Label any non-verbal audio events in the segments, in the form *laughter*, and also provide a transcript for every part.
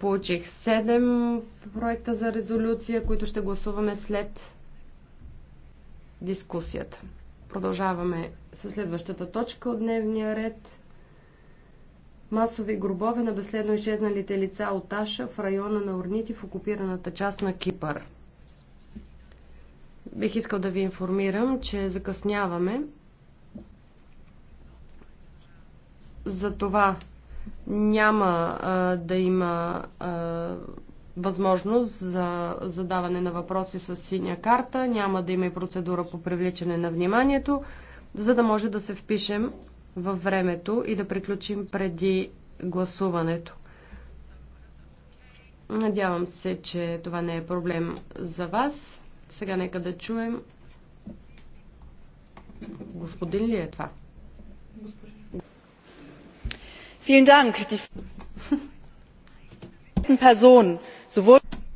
Получих 7 проекта за резолюция, които ще гласуваме след дискусията. Продължаваме с следващата точка от дневния ред. Масови гробове на безследно изчезналите лица от Аша в района на Орнити в окупираната част на Кипър. Бих искал да ви информирам, че закъсняваме. За това няма а, да има а, възможност за задаване на въпроси с синя карта, няма да има и процедура по привличане на вниманието, за да може да се впишем във времето и да приключим преди гласуването. Надявам се, че това не е проблем за вас. Сега нека да чуем. Господин ли е това?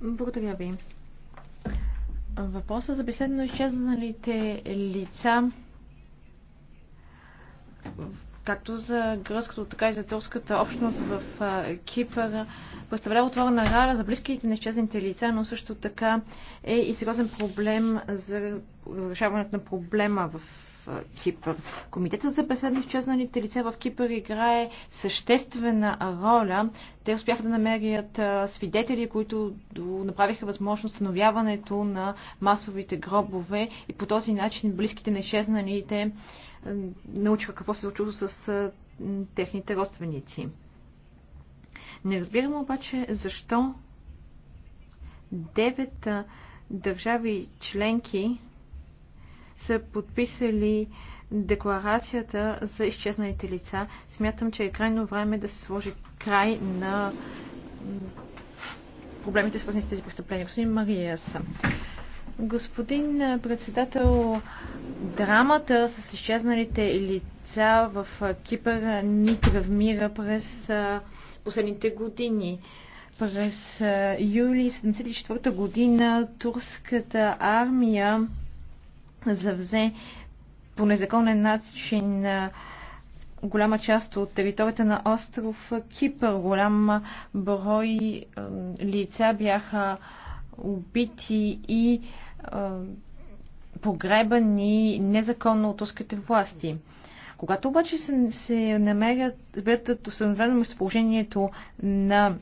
Благодаря ви. Въпросът за беседно изчезналите лица както за гръцката, така и за турската общност в Кипър представлява отворена рара за близките на изчезните лица, но също така е и сериозен проблем за разрешаването на проблема в Кипър. Комитетът за безследно изчезналите лица в Кипър играе съществена роля. Те успяха да намерят свидетели, които направиха възможно становяването на масовите гробове и по този начин близките на изчезналите научиха какво се случило с техните родственици. Не разбирам обаче защо девет държави членки са подписали декларацията за изчезналите лица. Смятам, че е крайно време да се сложи край на проблемите, свързани с тези престъпления. Господин Мариас, господин председател, драмата с изчезналите лица в Кипър ни травмира през последните години. През юли 1974 година турската армия завзе по незаконен начин голяма част от територията на остров Кипър. Голям брой лица бяха убити и погребани незаконно от турските власти. Когато обаче се, се намерят, бъдат установено местоположението на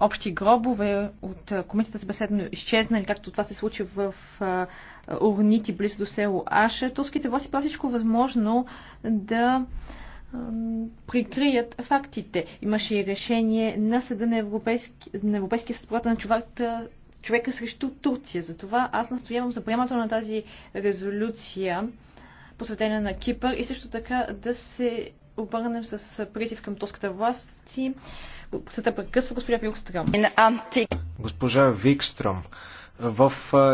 общи гробове от комитета за беседно изчезнали, както това се случи в Орнити, близо до село Аша, турските власти правят всичко възможно да прикрият фактите. Имаше и решение на Съда на, Европейски, на Европейския съд на човека, човека срещу Турция. Затова аз настоявам за приемането на тази резолюция, посветена на Кипър и също така да се обърнем с призив към турската власт и Съда прекъсва госпожа Викстрам. Госпожа Викстром, в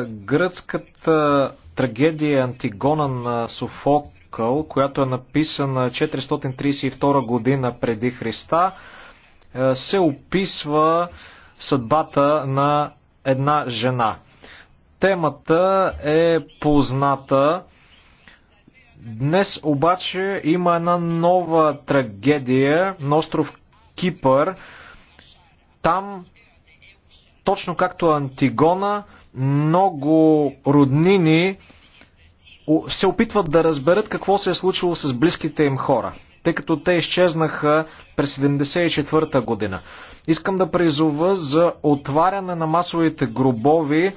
гръцката трагедия Антигона на Софокъл, която е написана 432 година преди Христа, се описва съдбата на една жена. Темата е позната. Днес обаче има една нова трагедия на остров Кипър. Там, точно както Антигона, много роднини се опитват да разберат какво се е случило с близките им хора, тъй като те изчезнаха през 1974 година. Искам да призова за отваряне на масовите гробови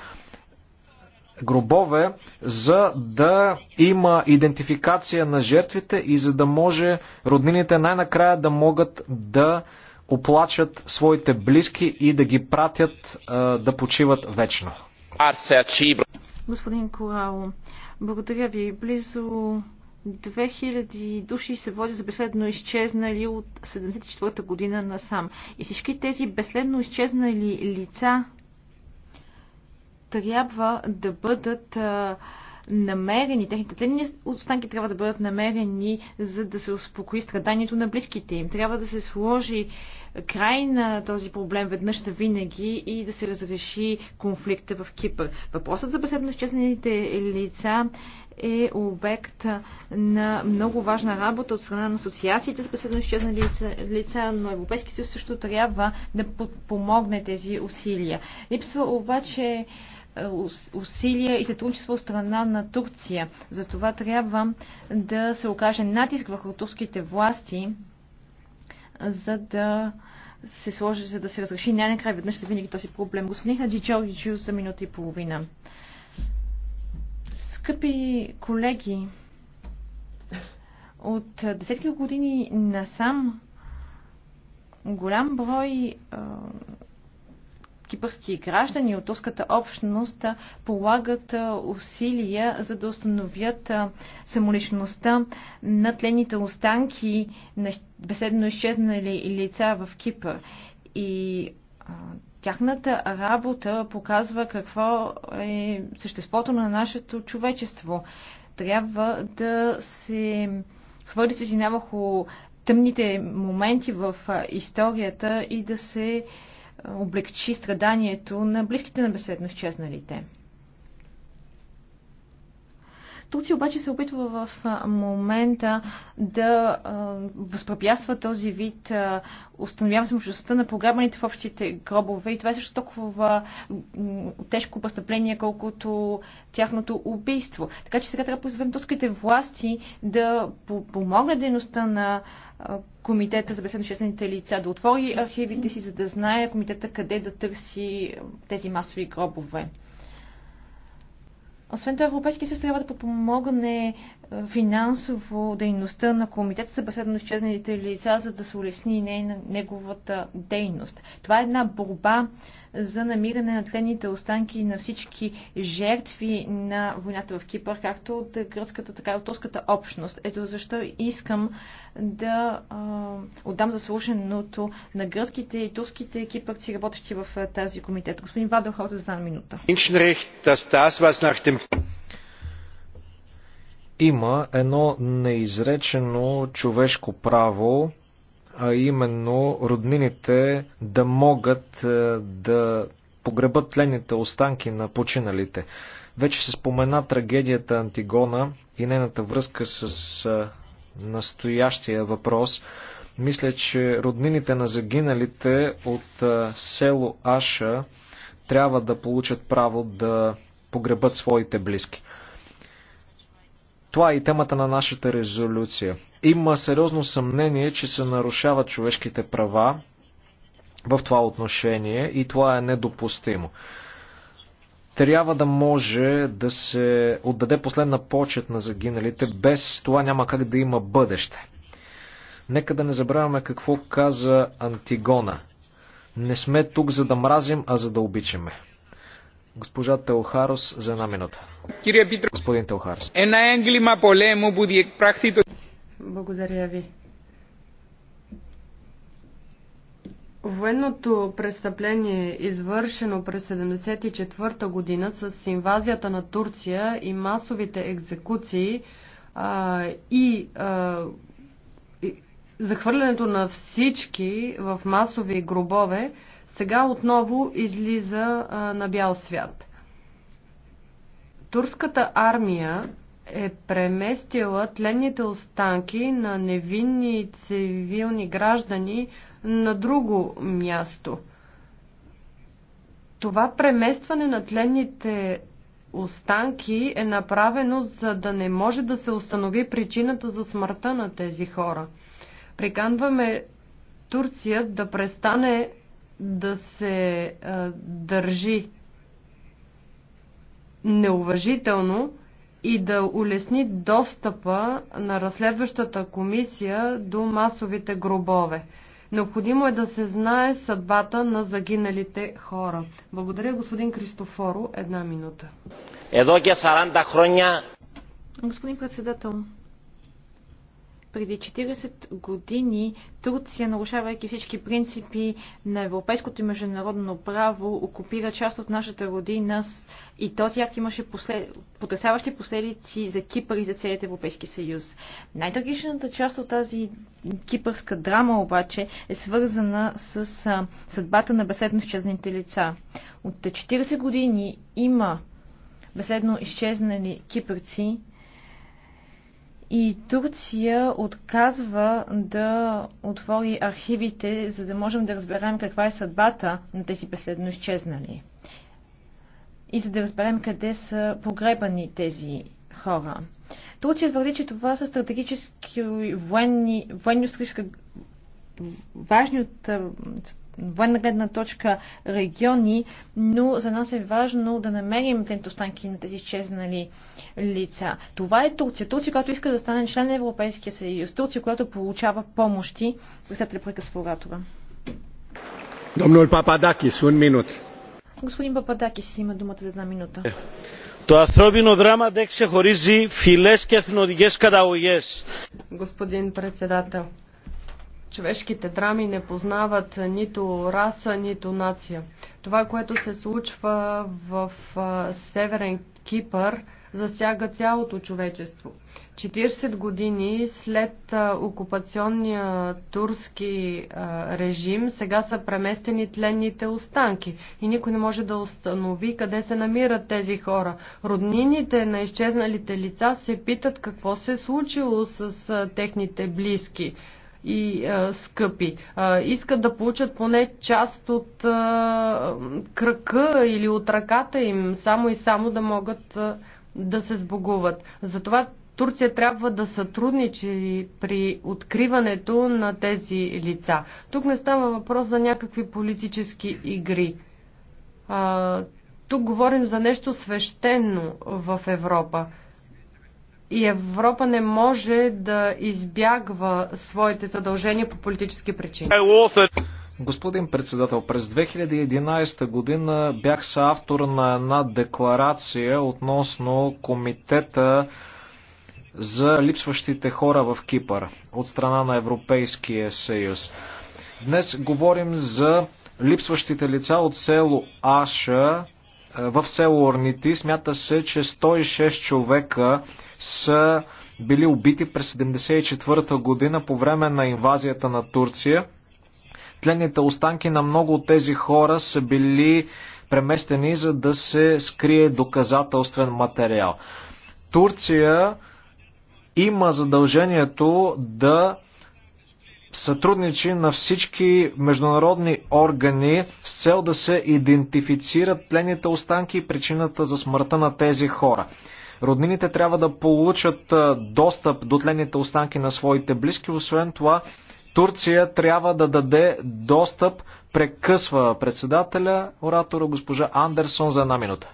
гробове, за да има идентификация на жертвите и за да може роднините най-накрая да могат да оплачат своите близки и да ги пратят да почиват вечно. Господин Корало, благодаря ви. Близо 2000 души се водят за безследно изчезнали от 74-та година насам. И всички тези безследно изчезнали лица трябва да бъдат намерени, техните тленни останки трябва да бъдат намерени, за да се успокои страданието на близките им. Трябва да се сложи край на този проблем веднъж за винаги и да се разреши конфликта в Кипър. Въпросът за беседно изчезнените лица е обект на много важна работа от страна на асоциациите с безследно изчезнали лица, лица, но Европейски съюз също трябва да подпомогне тези усилия. Липсва обаче усилия и сътрудничество от страна на Турция. Затова трябва да се окаже натиск върху турските власти, за да се сложи, за да се разреши най-накрая веднъж за винаги този проблем. Господин Хаджиджорджио за минута и половина. Скъпи колеги, от десетки години насам голям брой кипърски граждани от турската общност полагат усилия за да установят самоличността на тлените останки на беседно изчезнали лица в Кипър. И тяхната работа показва какво е съществото на нашето човечество. Трябва да се хвърли светлина върху тъмните моменти в историята и да се облегчи страданието на близките на безследно изчезналите. Турция обаче се опитва в момента да възпрепятства този вид установява самочността на програмите в общите гробове и това е също толкова тежко престъпление, колкото тяхното убийство. Така че сега трябва да позовем турските власти да помогнат дейността на Комитета за безсъдночествените лица, да отвори архивите си, за да знае комитета къде да търси тези масови гробове. Освен това, Европейския съюз трябва да подпомогне финансово дейността на комитета за безследно изчезналите лица, за да се улесни неговата дейност. Това е една борба за намиране на тлените останки на всички жертви на войната в Кипър, както от гръцката, така и от турската общност. Ето защо искам да а, отдам заслуженото на гръцките и турските кипърци, работещи в тази комитет. Господин Вадохор, за една минута. Има едно неизречено човешко право, а именно роднините да могат е, да погребат тленните останки на починалите. Вече се спомена трагедията Антигона и нейната връзка с е, настоящия въпрос. Мисля, че роднините на загиналите от е, село Аша трябва да получат право да погребат своите близки. Това е и темата на нашата резолюция. Има сериозно съмнение, че се нарушават човешките права в това отношение и това е недопустимо. Трябва да може да се отдаде последна почет на загиналите, без това няма как да има бъдеще. Нека да не забравяме какво каза Антигона. Не сме тук за да мразим, а за да обичаме. Госпожа Телхарос за една минута. Господин Телхарос. Една Благодаря ви. Военното престъпление, извършено през 1974 година с инвазията на Турция и масовите екзекуции а, и, а, и захвърлянето на всички в масови гробове, сега отново излиза на бял свят. Турската армия е преместила тленните останки на невинни цивилни граждани на друго място. Това преместване на тленните останки е направено, за да не може да се установи причината за смъртта на тези хора. Приканваме Турция да престане да се държи неуважително и да улесни достъпа на разследващата комисия до масовите гробове. Необходимо е да се знае съдбата на загиналите хора. Благодаря, господин Кристофоро. Една минута. Едо 40 хроня. Господин председател, преди 40 години Турция, нарушавайки всички принципи на европейското и международно право, окупира част от нашата родина и този акт имаше послед... потрясаващи последици за Кипър и за целият Европейски съюз. Най-трагичната част от тази кипърска драма обаче е свързана с а, съдбата на беседно изчезнаните лица. От 40 години има беседно изчезнали кипърци, и Турция отказва да отвори архивите, за да можем да разберем каква е съдбата на тези последно изчезнали. И за да разберем къде са погребани тези хора. Турция твърди, че това са стратегически военни, военно важни от военна гледна точка региони, но за нас е важно да намерим тези останки на тези изчезнали лица. Това е Турция. Турция, която иска да стане член на Европейския съюз. Турция, която получава помощи. за прекъсва оратора. Domnul un Господин Пападакис има думата за една минута. Το ανθρώπινο δράμα δεν ξεχωρίζει φυλές και εθνοτικές καταγωγές. Господин председател, човешките драми не познават нито раса, нито нация. Това, което се случва в Северен Кипър, засяга цялото човечество. 40 години след окупационния турски режим, сега са преместени тленните останки и никой не може да установи къде се намират тези хора. Роднините на изчезналите лица се питат какво се е случило с техните близки и а, скъпи. А, искат да получат поне част от а, кръка или от ръката им, само и само да могат а, да се сбогуват. Затова Турция трябва да сътрудничи при откриването на тези лица. Тук не става въпрос за някакви политически игри. А, тук говорим за нещо свещено в Европа. И Европа не може да избягва своите задължения по политически причини. Господин председател, през 2011 година бях съавтор на една декларация относно комитета за липсващите хора в Кипър от страна на Европейския съюз. Днес говорим за липсващите лица от село Аша е, в село Орнити. Смята се, че 106 човека са били убити през 1974 година по време на инвазията на Турция. Тленните останки на много от тези хора са били преместени, за да се скрие доказателствен материал. Турция има задължението да сътрудничи на всички международни органи с цел да се идентифицират тлените останки и причината за смъртта на тези хора. Роднините трябва да получат достъп до тлените останки на своите близки. Освен това, Турция трябва да даде достъп, прекъсва председателя, оратора госпожа Андерсон за една минута.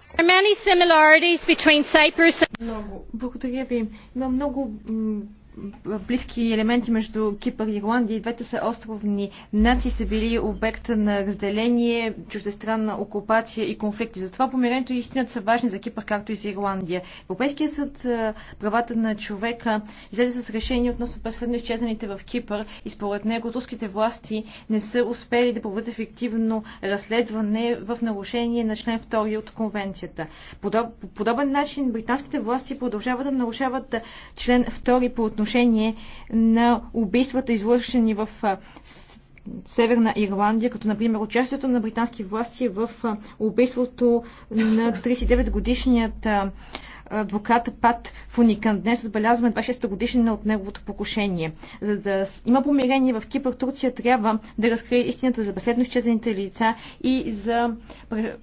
Много, благодаря ви. Има много близки елементи между Кипър и Ирландия. Двете са островни нации са били обект на разделение, чуждестранна окупация и конфликти. Затова помирението и истината са важни за Кипър, както и за Ирландия. Европейският съд правата на човека излезе с решение относно последно изчезнаните в Кипър и според него турските власти не са успели да проведат ефективно разследване в нарушение на член 2 от конвенцията. По подобен начин британските власти продължават да нарушават член 2 по отношение отношение на убийствата, извършени в Северна Ирландия, като например участието на британски власти в убийството на 39-годишният адвокат Пат Фуникан. Днес отбелязваме 26-та годишнина от неговото покушение. За да има помирение в Кипър, Турция трябва да разкрие истината за беседно изчезените лица и за,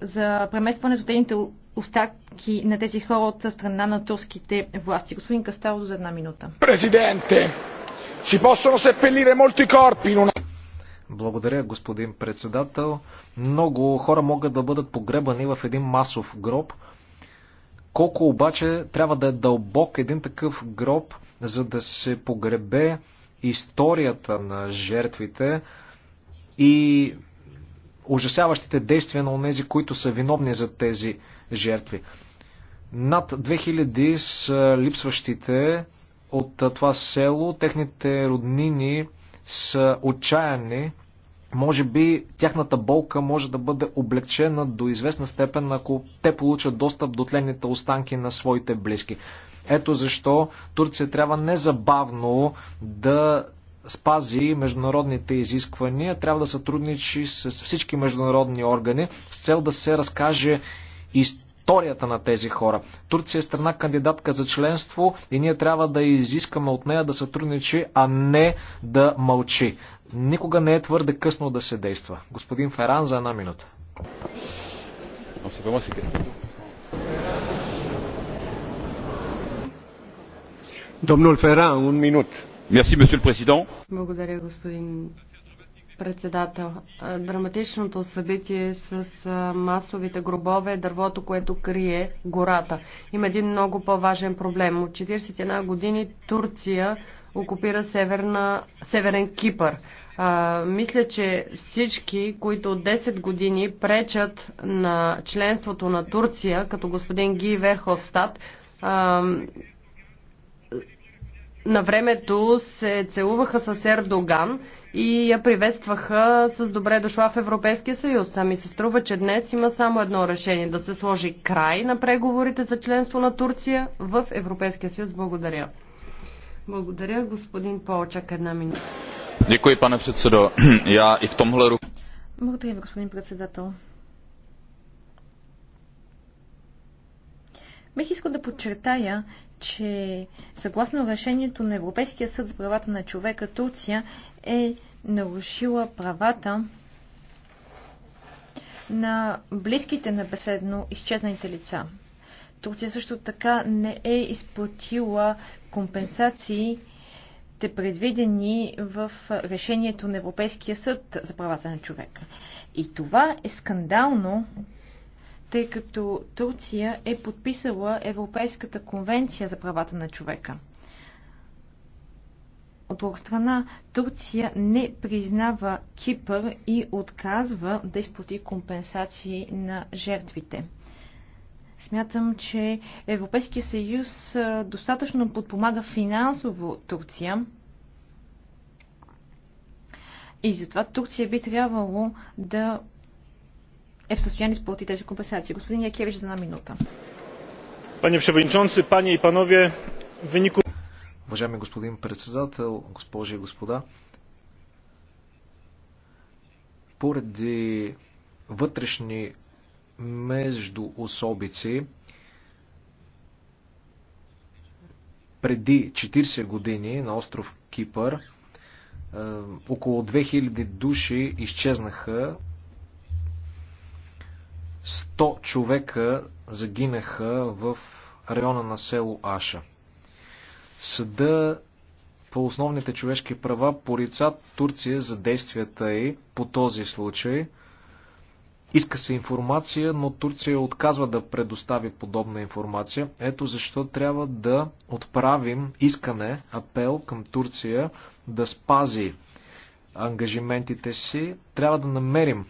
за преместването техните остатки на тези хора от страна на турските власти. Господин Кастало, за една минута. Президенте, си possono seppellire molti corpi in una... Благодаря, господин председател. Много хора могат да бъдат погребани в един масов гроб. Колко обаче трябва да е дълбок един такъв гроб, за да се погребе историята на жертвите и ужасяващите действия на онези, които са виновни за тези жертви. Над 2000 са липсващите от това село, техните роднини са отчаяни може би тяхната болка може да бъде облегчена до известна степен, ако те получат достъп до тленните останки на своите близки. Ето защо Турция трябва незабавно да спази международните изисквания, трябва да сътрудничи с всички международни органи с цел да се разкаже истината историята на тези хора. Турция е страна кандидатка за членство и ние трябва да изискаме от нея да сътрудничи, а не да мълчи. Никога не е твърде късно да се действа. Господин Феран за една минута. Домнул Феран, un minut. Merci, monsieur le Président. Благодаря, господин председател. Драматичното събитие с масовите гробове е дървото, което крие гората. Има един много по-важен проблем. От 41 години Турция окупира северна, Северен Кипър. А, мисля, че всички, които от 10 години пречат на членството на Турция, като господин Ги Верховстат, на времето се целуваха с Ердоган и я приветстваха с добре дошла в Европейския съюз. Ами се струва, че днес има само едно решение да се сложи край на преговорите за членство на Турция в Европейския съюз. Благодаря. Благодаря, господин Полчак. Една минута. Děkuji, pane předsedo. *clears throat* Já i v tomhle ruku... Благодаря, господин председател. Бих искал да подчертая, че съгласно решението на Европейския съд за правата на човека Турция е нарушила правата на близките на беседно изчезнаните лица. Турция също така не е изплатила компенсации те предвидени в решението на Европейския съд за правата на човека. И това е скандално тъй като Турция е подписала Европейската конвенция за правата на човека. От друга страна, Турция не признава Кипър и отказва да изплати компенсации на жертвите. Смятам, че Европейския съюз достатъчно подпомага финансово Турция. И затова Турция би трябвало да е в състояние да изплати тези компенсации. Господин Якевич, за една минута. Пане Шевенчонци, пани и панове, w Уважаеми господин председател, госпожи и господа, поради вътрешни между особици преди 40 години на остров Кипър е, около 2000 души изчезнаха 100 човека загинаха в района на село Аша. Съда по основните човешки права порица Турция за действията й по този случай. Иска се информация, но Турция отказва да предостави подобна информация. Ето защо трябва да отправим искане, апел към Турция да спази ангажиментите си. Трябва да намерим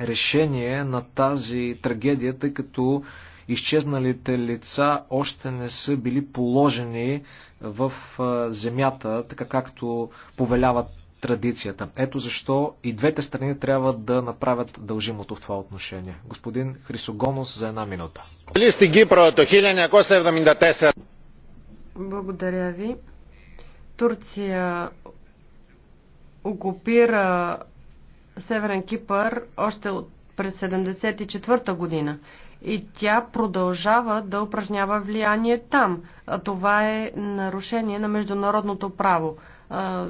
решение на тази трагедия, тъй като изчезналите лица още не са били положени в земята, така както повеляват традицията. Ето защо и двете страни трябва да направят дължимото в това отношение. Господин Хрисогонос за една минута. Благодаря ви. Турция окупира Северен Кипър още от през 74-та година и тя продължава да упражнява влияние там. Това е нарушение на международното право.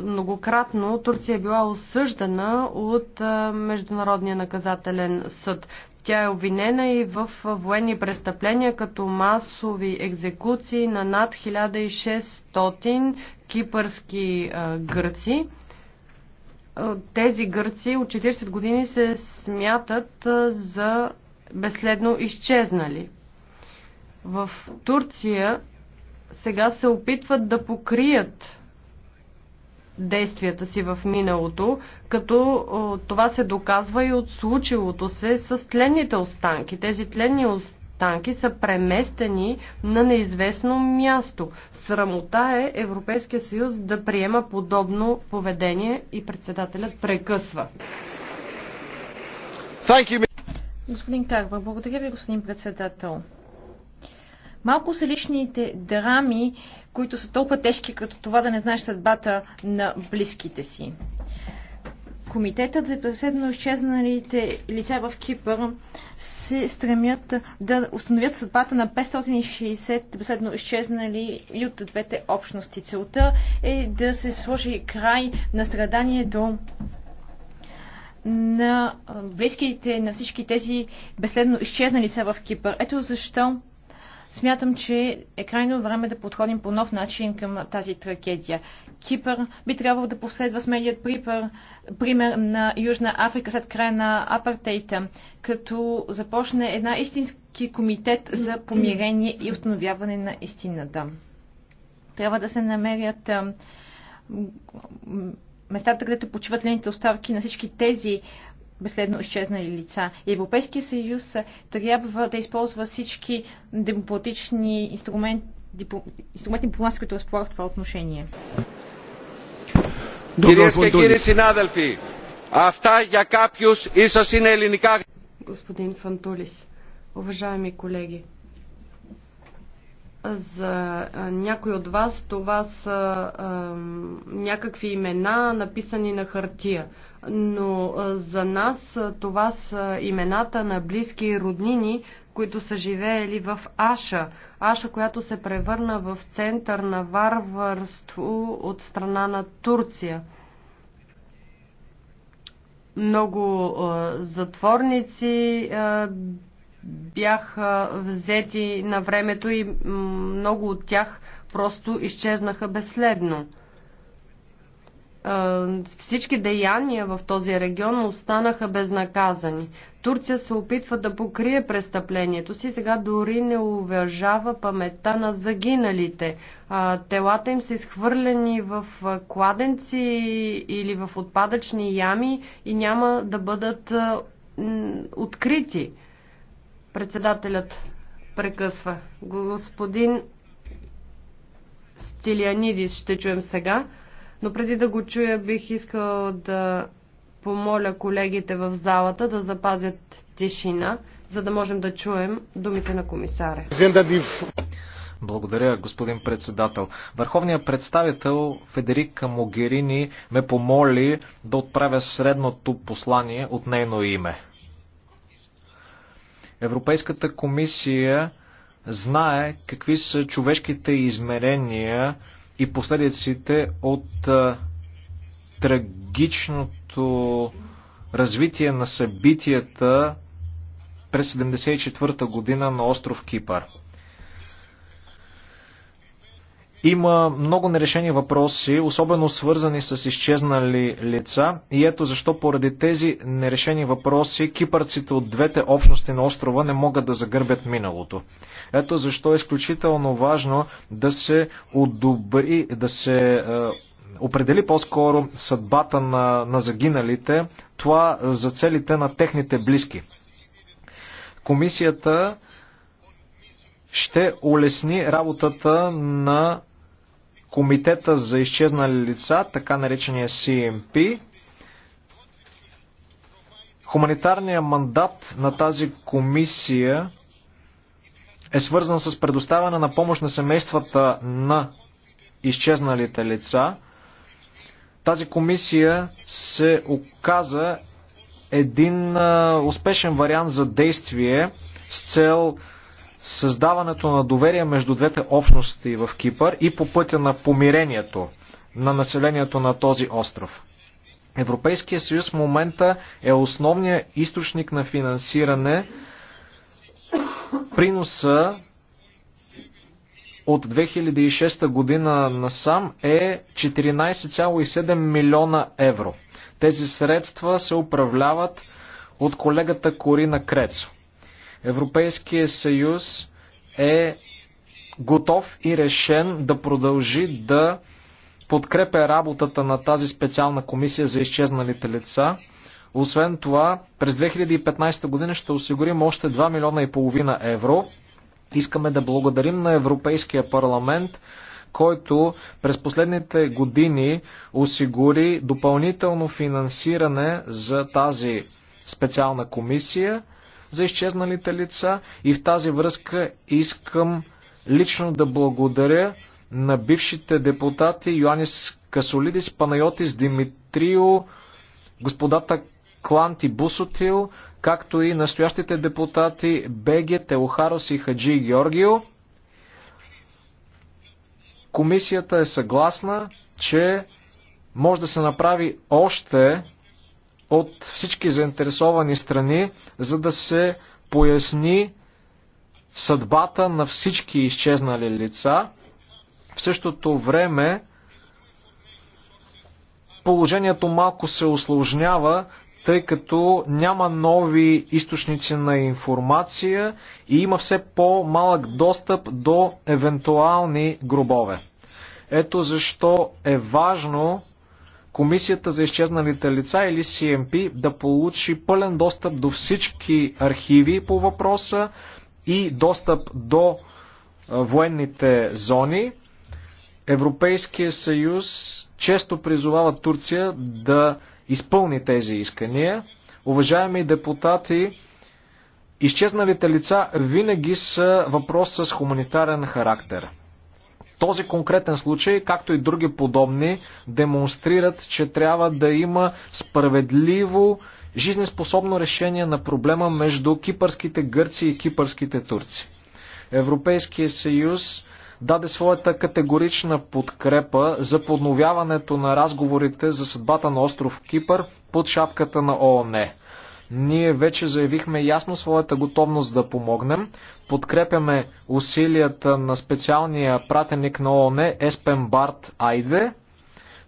Многократно Турция е била осъждана от Международния наказателен съд. Тя е обвинена и в военни престъпления, като масови екзекуции на над 1600 кипърски гърци тези гърци от 40 години се смятат за безследно изчезнали. В Турция сега се опитват да покрият действията си в миналото, като това се доказва и от случилото се с тленните останки. Тези тленни останки танки са преместени на неизвестно място. Срамота е Европейския съюз да приема подобно поведение и председателят прекъсва. Господин Карва, благодаря ви, господин председател. Малко са личните драми, които са толкова тежки, като това да не знаеш съдбата на близките си. Комитетът за преседно изчезналите лица в Кипър се стремят да установят съдбата на 560 преседно изчезнали и от двете общности. Целта е да се сложи край на страданието на близките на всички тези безследно изчезнали лица в Кипър. Ето защо Смятам, че е крайно време да подходим по нов начин към тази трагедия. Кипър би трябвало да последва смелият припър, пример на Южна Африка след края на апартейта, като започне една истински комитет за помирение и установяване на истината. Трябва да се намерят местата, където почиват лените оставки на всички тези безследно изчезнали лица. Европейския съюз трябва да използва всички демократични инструменти, инструменти дипломатски, които разполагат в това отношение. ίσως είναι ελληνικά. Господин Фантулис, уважаеми колеги, за някои от вас това са а, някакви имена, написани на хартия. Но а, за нас това са имената на близки роднини, които са живеели в Аша. Аша, която се превърна в център на варварство от страна на Турция много а, затворници а, бяха взети на времето и много от тях просто изчезнаха безследно. Е, всички деяния в този регион останаха безнаказани. Турция се опитва да покрие престъплението си, сега дори не уважава паметта на загиналите. Телата им са изхвърлени в кладенци или в отпадъчни ями и няма да бъдат открити. Председателят прекъсва. Господин Стилианидис ще чуем сега, но преди да го чуя бих искал да помоля колегите в залата да запазят тишина, за да можем да чуем думите на комисаря. Благодаря, господин председател. Върховният представител Федерика Могерини ме помоли да отправя средното послание от нейно име. Европейската комисия знае какви са човешките измерения и последиците от трагичното развитие на събитията през 1974 година на остров Кипър. Има много нерешени въпроси, особено свързани с изчезнали лица и ето защо поради тези нерешени въпроси кипърците от двете общности на острова не могат да загърбят миналото. Ето защо е изключително важно да се одобри, да се е, определи по-скоро съдбата на, на загиналите, това за целите на техните близки. Комисията ще улесни работата на Комитета за изчезнали лица, така наречения CMP. Хуманитарният мандат на тази комисия е свързан с предоставяне на помощ на семействата на изчезналите лица. Тази комисия се оказа един успешен вариант за действие с цел създаването на доверие между двете общности в Кипър и по пътя на помирението на населението на този остров. Европейския съюз в момента е основният източник на финансиране. Приноса от 2006 година насам е 14,7 милиона евро. Тези средства се управляват от колегата Корина Крецо. Европейския съюз е готов и решен да продължи да подкрепя работата на тази специална комисия за изчезналите лица. Освен това, през 2015 година ще осигурим още 2 милиона и половина евро. Искаме да благодарим на Европейския парламент, който през последните години осигури допълнително финансиране за тази специална комисия за изчезналите лица и в тази връзка искам лично да благодаря на бившите депутати Йоанис Касолидис, Панайотис, Димитрио, господата Кланти Бусотил, както и настоящите депутати Беге, Теохарос и Хаджи Георгио. Комисията е съгласна, че може да се направи още от всички заинтересовани страни, за да се поясни съдбата на всички изчезнали лица. В същото време положението малко се осложнява, тъй като няма нови източници на информация и има все по-малък достъп до евентуални гробове. Ето защо е важно Комисията за изчезналите лица или CMP да получи пълен достъп до всички архиви по въпроса и достъп до военните зони. Европейския съюз често призовава Турция да изпълни тези искания. Уважаеми депутати, изчезналите лица винаги са въпрос с хуманитарен характер. Този конкретен случай, както и други подобни, демонстрират, че трябва да има справедливо жизнеспособно решение на проблема между кипърските гърци и кипърските турци. Европейския съюз даде своята категорична подкрепа за подновяването на разговорите за съдбата на остров Кипър под шапката на ООН. Ние вече заявихме ясно своята готовност да помогнем. Подкрепяме усилията на специалния пратеник на ООН Еспен Барт Айде.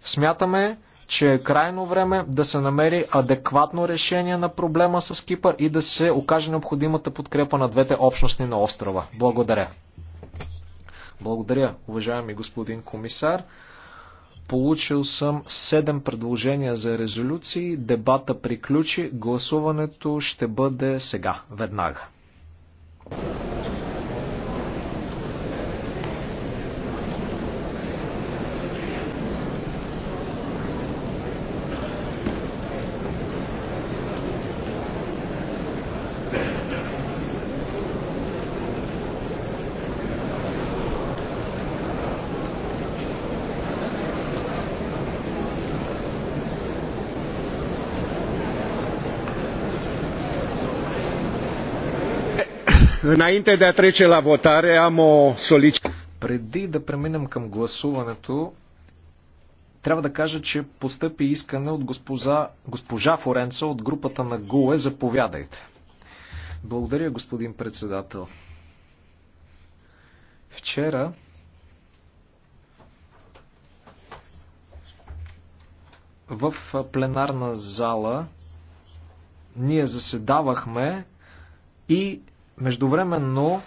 Смятаме, че е крайно време да се намери адекватно решение на проблема с Кипър и да се окаже необходимата подкрепа на двете общности на острова. Благодаря. Благодаря, уважаеми господин комисар. Получил съм 7 предложения за резолюции. Дебата приключи. Гласуването ще бъде сега, веднага. Înainte de a trece la votare, am o solicitare. Преди да преминем към гласуването, трябва да кажа, че постъпи искане от госпожа, госпожа Форенца от групата на ГУЕ. Заповядайте. Благодаря, господин председател. Вчера в пленарна зала ние заседавахме и Междувременно